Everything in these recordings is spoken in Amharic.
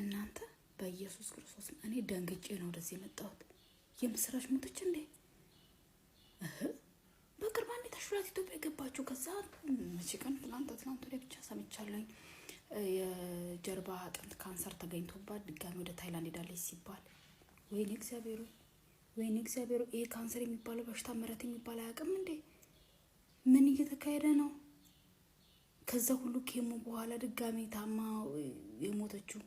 እናንተ በኢየሱስ ክርስቶስ እኔ ደንግጬ ነው ወደዚህ የመጣሁት። የምስራች ሞተች እንዴ? በቅርብ አንዴ ተሽሏት ኢትዮጵያ የገባችው ከዛ መቼ ቀን ትናንት ትናንት ወዲያ ብቻ ሰምቻለኝ። የጀርባ አጥንት ካንሰር ተገኝቶባት ድጋሚ ወደ ታይላንድ ሄዳለች ሲባል ወይኔ እግዚአብሔሩ፣ ወይኔ እግዚአብሔሩ። ይሄ ካንሰር የሚባለው በሽታ ምረት የሚባል አያውቅም እንዴ? ምን እየተካሄደ ነው? ከዛ ሁሉ ኬሞ በኋላ ድጋሚ ታማ የሞተችው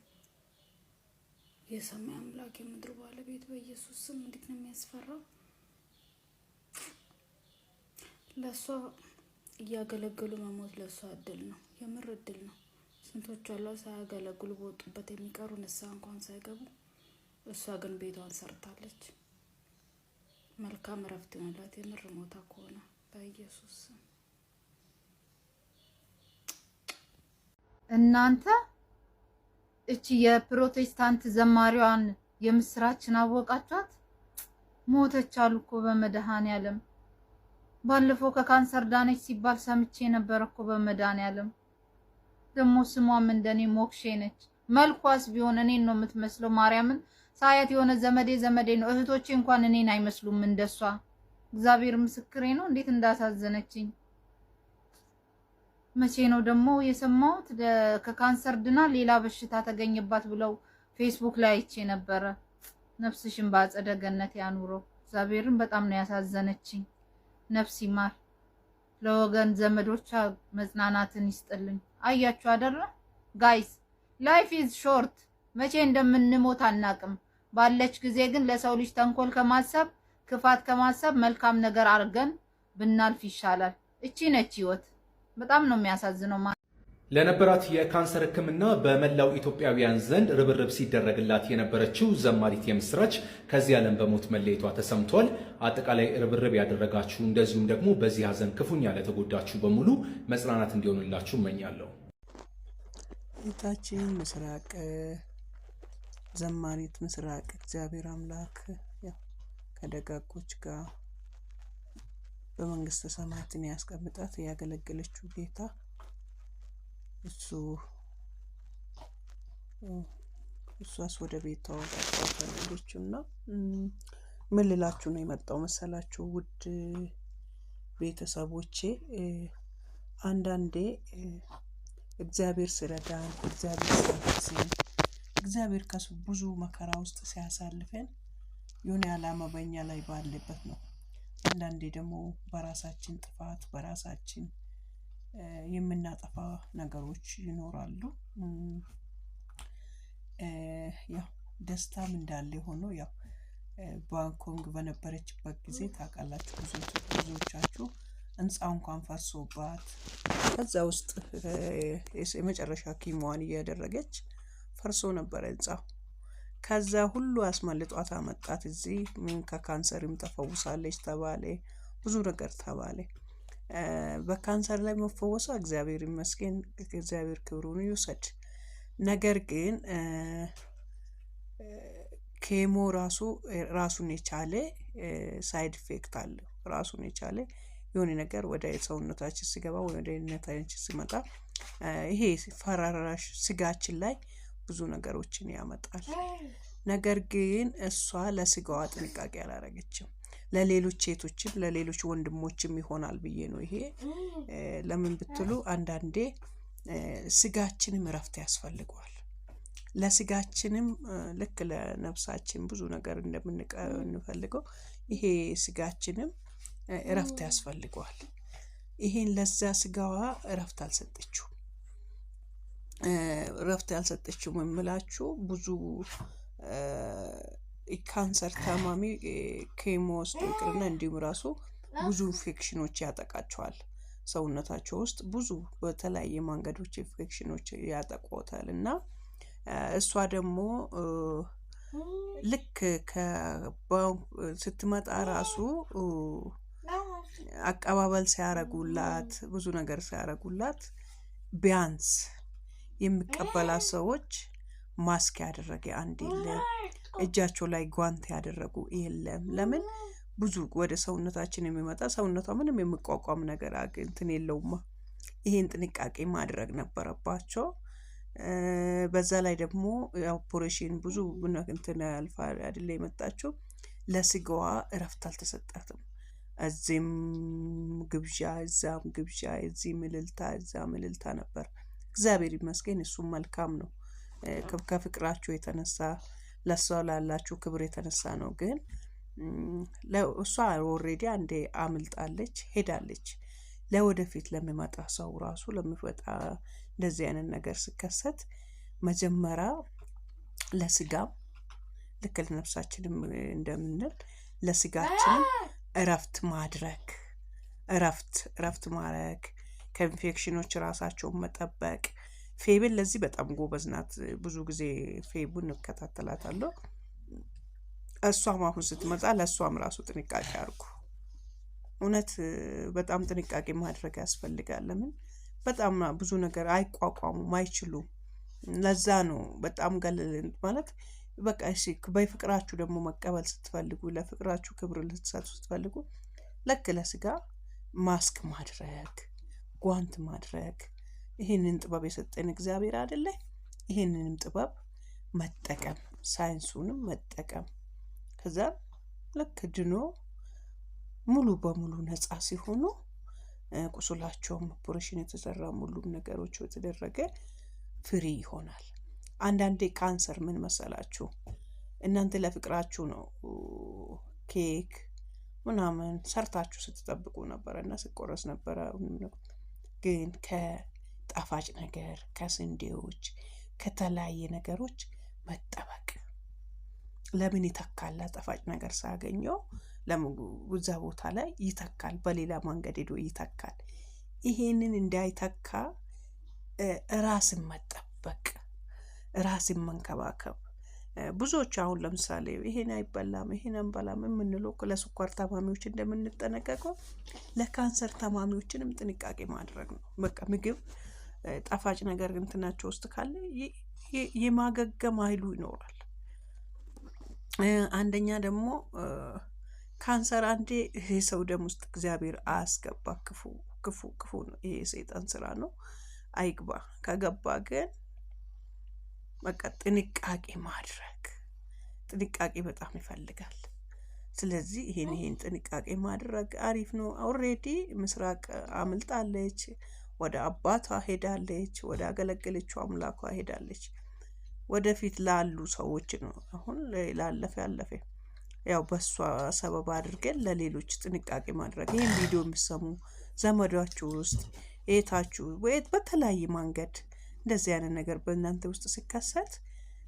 የሰማይ አምላክ የምድር ባለቤት በኢየሱስ ስም እንዴት ነው የሚያስፈራው? ለእሷ እያገለገሉ መሞት ለእሷ እድል ነው፣ የምር እድል ነው። ስንቶቹ አሏ ሳያገለግሉ በወጡበት የሚቀሩ ንስሐ እንኳን ሳይገቡ፣ እሷ ግን ቤቷን ሰርታለች። መልካም እረፍት ይሆንላት፣ የምር ሞታ ከሆነ በኢየሱስ ስም እናንተ እቺ የፕሮቴስታንት ዘማሪዋን የምስራችን አወቃችኋት? ሞተች አሉ እኮ ያለም ባለፈው ከካንሰር ዳነች ሲባል ሰምቼ ነበር እኮ ያለም ደግሞ ስሟም እንደኔ ሞክሼ ነች። መልኳስ ቢሆን እኔን ነው የምትመስለው። ማርያምን ሳያት የሆነ ዘመዴ ዘመዴ ነው። እህቶቼ እንኳን እኔን አይመስሉም እንደሷ። እግዚአብሔር ምስክሬ ነው፣ እንዴት እንዳሳዘነችኝ መቼ ነው ደግሞ የሰማሁት ከካንሰር ድና ሌላ በሽታ ተገኘባት ብለው ፌስቡክ ላይ አይቼ ነበረ። ነፍስሽን በአጸደ ገነት ያኑረው። እግዚአብሔርን በጣም ነው ያሳዘነችኝ። ነፍስ ይማር። ለወገን ዘመዶቿ መጽናናትን ይስጥልኝ። አያችሁ አደረ ጋይስ፣ ላይፍ ኢዝ ሾርት። መቼ እንደምንሞት አናቅም። ባለች ጊዜ ግን ለሰው ልጅ ተንኮል ከማሰብ ክፋት ከማሰብ መልካም ነገር አድርገን ብናልፍ ይሻላል። እቺ ነች ህይወት። በጣም ነው የሚያሳዝነው። ለነበራት የካንሰር ሕክምና በመላው ኢትዮጵያውያን ዘንድ ርብርብ ሲደረግላት የነበረችው ዘማሪት የምስራች ከዚህ ዓለም በሞት መለየቷ ተሰምቷል። አጠቃላይ ርብርብ ያደረጋችሁ እንደዚሁም ደግሞ በዚህ ሀዘን ክፉኛ ለተጎዳችሁ በሙሉ መጽናናት እንዲሆንላችሁ እመኛለሁ። ጌታችን ምስራቅ ዘማሪት ምስራቅ እግዚአብሔር አምላክ ከደጋጎች ጋር በመንግስተ ሰማያትን ያስቀምጣት። ያገለገለችው ጌታ እሱ እሷስ ወደ ቤቷ ፈለገችው እና ምን ልላችሁ ነው የመጣው መሰላችሁ ውድ ቤተሰቦቼ አንዳንዴ እግዚአብሔር ስለዳን እግዚአብሔር ስለዳን እግዚአብሔር ከሱ ብዙ መከራ ውስጥ ሲያሳልፈን የሆነ ዓላማ በእኛ ላይ ባለበት ነው አንዳንዴ ደግሞ በራሳችን ጥፋት በራሳችን የምናጠፋ ነገሮች ይኖራሉ። ያው ደስታም እንዳለ ሆኖ ያው ባንኮንግ በነበረችበት ጊዜ ታውቃላችሁ ብዙዎቻችሁ ህንፃ እንኳን ፈርሶባት ከዛ ውስጥ የመጨረሻ ኪሟን እያደረገች ፈርሶ ነበረ ህንፃው። ከዛ ሁሉ አስመልጧት አመጣት። እዚህ ምን ከካንሰርም ተፈውሳለች ተባለ፣ ብዙ ነገር ተባለ። በካንሰር ላይ መፈወሷ እግዚአብሔር ይመስገን፣ እግዚአብሔር ክብሩን ይውሰድ። ነገር ግን ኬሞ ራሱ ራሱን የቻለ ሳይድ ኢፌክት አለው። ራሱን የቻለ የሆነ ነገር ወደ ሰውነታችን ሲገባ ወይ ወደ ነታችን ሲመጣ ይሄ ፈራራሽ ስጋችን ላይ ብዙ ነገሮችን ያመጣል። ነገር ግን እሷ ለስጋዋ ጥንቃቄ አላረገችም። ለሌሎች ሴቶችም ለሌሎች ወንድሞችም ይሆናል ብዬ ነው ይሄ። ለምን ብትሉ አንዳንዴ ስጋችንም እረፍት ያስፈልገዋል። ለስጋችንም ልክ ለነፍሳችን ብዙ ነገር እንደምንፈልገው ይሄ ስጋችንም እረፍት ያስፈልገዋል። ይሄን ለዛ ስጋዋ እረፍት አልሰጠችው። ረፍት ያልሰጠችው የምላችሁ ብዙ ካንሰር ታማሚ ኬሞ ውስጥ ይቅርና እንዲሁም ራሱ ብዙ ኢንፌክሽኖች ያጠቃቸዋል። ሰውነታቸው ውስጥ ብዙ በተለያየ መንገዶች ኢንፌክሽኖች ያጠቆታል እና እሷ ደግሞ ልክ ስትመጣ ራሱ አቀባበል ሲያረጉላት ብዙ ነገር ሲያረጉላት ቢያንስ የሚቀበላ ሰዎች ማስክ ያደረገ አንድ የለም። እጃቸው ላይ ጓንት ያደረጉ የለም። ለምን ብዙ ወደ ሰውነታችን የሚመጣ ሰውነቷ ምንም የሚቋቋም ነገር እንትን የለውማ። ይህን ጥንቃቄ ማድረግ ነበረባቸው። በዛ ላይ ደግሞ ኦፕሬሽን ብዙ እንትን አልፋ አይደለ የመጣችው ለስጋዋ እረፍት አልተሰጣትም። እዚህም ግብዣ እዛም ግብዣ፣ እዚህ ምልልታ እዛ ምልልታ ነበር። እግዚአብሔር ይመስገን እሱም መልካም ነው። ከፍቅራችሁ የተነሳ ለእሷ ላላችሁ ክብር የተነሳ ነው። ግን እሷ ኦልሬዲ አንዴ አምልጣለች ሄዳለች። ለወደፊት ለሚመጣ ሰው ራሱ ለሚመጣ እንደዚህ አይነት ነገር ስከሰት መጀመሪያ ለስጋም ልክ ለነፍሳችንም እንደምንል ለስጋችን እረፍት ማድረግ እረፍት እረፍት ማድረግ ከኢንፌክሽኖች ራሳቸውን መጠበቅ። ፌብን ለዚህ በጣም ጎበዝ ናት። ብዙ ጊዜ ፌቡን እከታተላታለሁ። እሷም አሁን ስትመጣ ለእሷም ራሱ ጥንቃቄ አድርጉ። እውነት በጣም ጥንቃቄ ማድረግ ያስፈልጋል። ለምን በጣም ብዙ ነገር አይቋቋሙም፣ አይችሉም። ለዛ ነው በጣም ገለልን ማለት በቃ በፍቅራችሁ ደግሞ መቀበል ስትፈልጉ፣ ለፍቅራችሁ ክብር ልትሰጡ ስትፈልጉ ልክ ለስጋ ማስክ ማድረግ ጓንት ማድረግ ይህንን ጥበብ የሰጠን እግዚአብሔር አይደለ? ይህንንም ጥበብ መጠቀም ሳይንሱንም መጠቀም ከዛ ልክ ድኖ ሙሉ በሙሉ ነፃ ሲሆኑ ቁስላቸውም ኦፕሬሽን የተሰራ ሙሉም ነገሮች የተደረገ ፍሪ ይሆናል። አንዳንዴ ካንሰር ምን መሰላችሁ፣ እናንተ ለፍቅራችሁ ነው ኬክ ምናምን ሰርታችሁ ስትጠብቁ ነበረ እና ስቆረስ ነበረ ግን ከጣፋጭ ነገር ከስንዴዎች ከተለያየ ነገሮች መጠበቅ ለምን ይተካል? ጣፋጭ ነገር ሳገኘው ለምጉዛ ቦታ ላይ ይተካል፣ በሌላ መንገድ ሄዶ ይተካል። ይሄንን እንዳይተካ ራስን መጠበቅ፣ ራስን መንከባከብ ብዙዎች አሁን ለምሳሌ ይሄን አይበላም ይሄን አንበላም የምንለው ለስኳር ታማሚዎች እንደምንጠነቀቀው ለካንሰር ታማሚዎችንም ጥንቃቄ ማድረግ ነው። በቃ ምግብ ጣፋጭ ነገር እንትናቸው ውስጥ ካለ የማገገም ኃይሉ ይኖራል። አንደኛ ደግሞ ካንሰር አንዴ ይሄ ሰው ደም ውስጥ እግዚአብሔር አያስገባ። ክፉ ክፉ ክፉ ነው። ይሄ የሰይጣን ስራ ነው። አይግባ። ከገባ ግን በቃ ጥንቃቄ ማድረግ ጥንቃቄ በጣም ይፈልጋል። ስለዚህ ይሄን ይሄን ጥንቃቄ ማድረግ አሪፍ ነው። ኦልሬዲ ምስራቅ አምልጣለች፣ ወደ አባቷ ሄዳለች፣ ወደ አገለገለችው አምላኳ ሄዳለች። ወደፊት ላሉ ሰዎች ነው። አሁን ላለፈ ያለፈ ያው በእሷ ሰበብ አድርገን ለሌሎች ጥንቃቄ ማድረግ ይህን ቪዲዮ የሚሰሙ ዘመዷችሁ ውስጥ የታችሁ ወይ በተለያየ መንገድ እንደዚህ አይነት ነገር በእናንተ ውስጥ ሲከሰት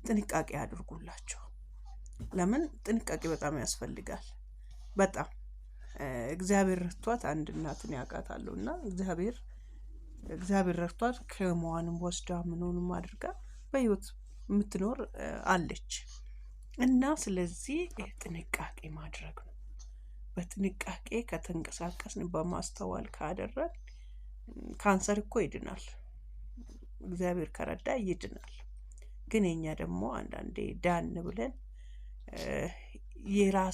ጥንቃቄ አድርጉላቸው። ለምን ጥንቃቄ በጣም ያስፈልጋል። በጣም እግዚአብሔር ረድቷት አንድ እናትን ያውቃታለሁ እና እግዚአብሔር እግዚአብሔር ረድቷት ክሬማዋንም ወስዳ ምንሆንም አድርጋ በህይወት የምትኖር አለች እና ስለዚህ ጥንቃቄ ማድረግ ነው። በጥንቃቄ ከተንቀሳቀስን በማስተዋል ካደረግ ካንሰር እኮ ይድናል። እግዚአብሔር ከረዳ ይድናል። ግን የኛ ደግሞ አንዳንዴ ዳን ብለን የራስ